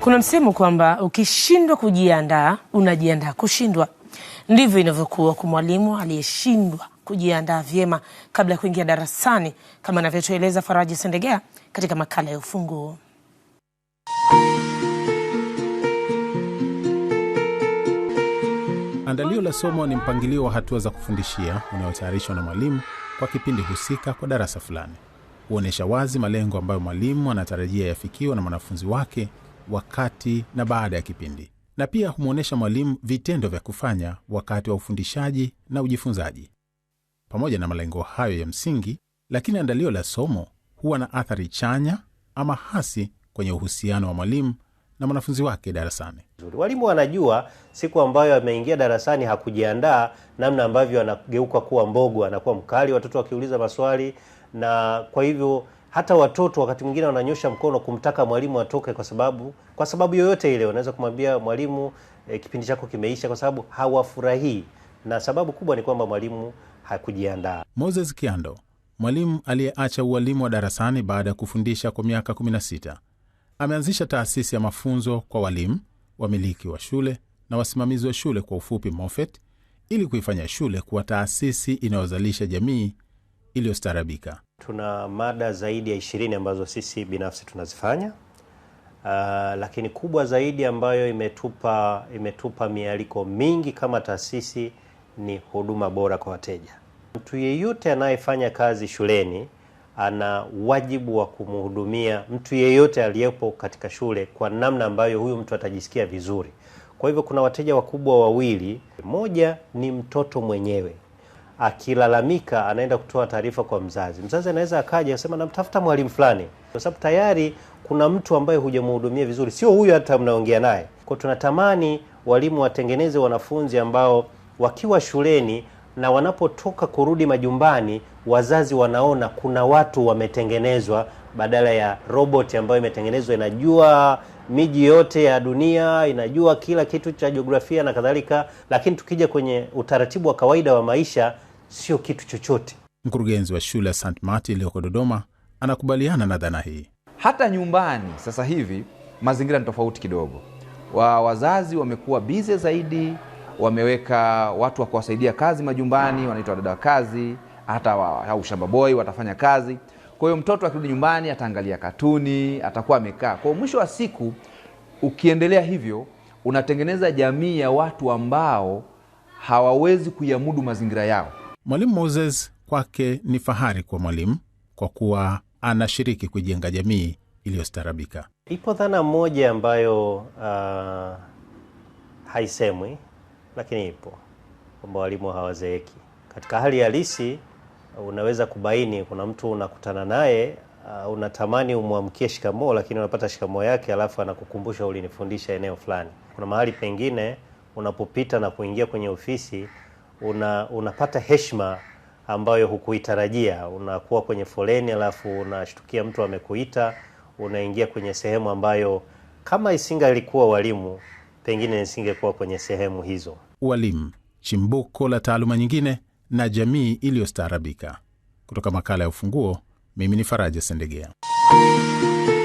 Kuna msemo kwamba ukishindwa kujiandaa unajiandaa kushindwa. Ndivyo inavyokuwa kwa mwalimu aliyeshindwa kujiandaa vyema kabla ya kuingia darasani, kama anavyotueleza faraji Sendegea katika makala ya Ufunguo. Andalio la somo ni mpangilio wa hatua za kufundishia unaotayarishwa na mwalimu kwa kipindi husika kwa darasa fulani. Huonyesha wazi malengo ambayo mwalimu anatarajia yafikiwa na mwanafunzi wake wakati na baada ya kipindi, na pia humwonyesha mwalimu vitendo vya kufanya wakati wa ufundishaji na ujifunzaji. Pamoja na malengo hayo ya msingi, lakini andalio la somo huwa na athari chanya ama hasi kwenye uhusiano wa mwalimu na mwanafunzi wake darasani. Walimu wanajua siku ambayo ameingia darasani hakujiandaa, namna ambavyo anageuka kuwa mbogo, anakuwa mkali, watoto wakiuliza maswali, na kwa hivyo hata watoto wakati mwingine wananyosha mkono kumtaka mwalimu atoke, kwa sababu kwa sababu yoyote ile wanaweza kumwambia mwalimu e, kipindi chako kimeisha, kwa sababu hawafurahii, na sababu kubwa ni kwamba mwalimu hakujiandaa. Moses Kiando, mwalimu aliyeacha ualimu wa darasani baada ya kufundisha kwa miaka 16, ameanzisha taasisi ya mafunzo kwa walimu, wamiliki wa shule na wasimamizi wa shule, kwa ufupi MOFET, ili kuifanya shule kuwa taasisi inayozalisha jamii iliyostarabika. Tuna mada zaidi ya ishirini ambazo sisi binafsi tunazifanya Uh, lakini kubwa zaidi ambayo imetupa imetupa mialiko mingi kama taasisi ni huduma bora kwa wateja. Mtu yeyote anayefanya kazi shuleni ana wajibu wa kumhudumia mtu yeyote aliyepo katika shule kwa namna ambayo huyu mtu atajisikia vizuri. Kwa hivyo kuna wateja wakubwa wawili, moja ni mtoto mwenyewe akilalamika anaenda kutoa taarifa kwa mzazi. Mzazi anaweza akaja asema namtafuta mwalimu fulani, kwa sababu tayari kuna mtu ambaye hujamhudumia vizuri, sio huyu hata mnaongea naye. Kwa tunatamani walimu watengeneze wanafunzi ambao wakiwa shuleni na wanapotoka kurudi majumbani, wazazi wanaona kuna watu wametengenezwa, badala ya roboti ambayo imetengenezwa, inajua miji yote ya dunia, inajua kila kitu cha jiografia na kadhalika. Lakini tukija kwenye utaratibu wa kawaida wa maisha sio kitu chochote. Mkurugenzi wa shule ya St marti iliyoko Dodoma anakubaliana na dhana hii. Hata nyumbani sasa hivi mazingira ni tofauti kidogo, wa wazazi wamekuwa bize zaidi, wameweka watu wa kuwasaidia kazi majumbani, wanaitwa wadada wa kazi, hata au shamba boi watafanya kazi. Kwa hiyo mtoto akirudi nyumbani ataangalia katuni, atakuwa amekaa. kwao mwisho wa siku, ukiendelea hivyo, unatengeneza jamii ya watu ambao hawawezi kuiamudu mazingira yao. Mwalimu Moses kwake ni fahari kwa mwalimu kwa kuwa anashiriki kujenga jamii iliyostarabika. Ipo dhana moja ambayo uh, haisemwi lakini ipo kwamba walimu hawazeeki. Katika hali halisi unaweza kubaini, kuna mtu unakutana naye uh, unatamani umwamkie shikamoo, lakini unapata shikamoo yake, alafu anakukumbusha ulinifundisha eneo fulani. Kuna mahali pengine unapopita na kuingia kwenye ofisi una, unapata heshima ambayo hukuitarajia. Unakuwa kwenye foleni, alafu unashtukia mtu amekuita, unaingia kwenye sehemu ambayo kama isingalikuwa walimu, pengine isingekuwa kwenye sehemu hizo. Walimu, chimbuko la taaluma nyingine na jamii iliyostaarabika. Kutoka makala ya Ufunguo, mimi ni Faraja Sendegea.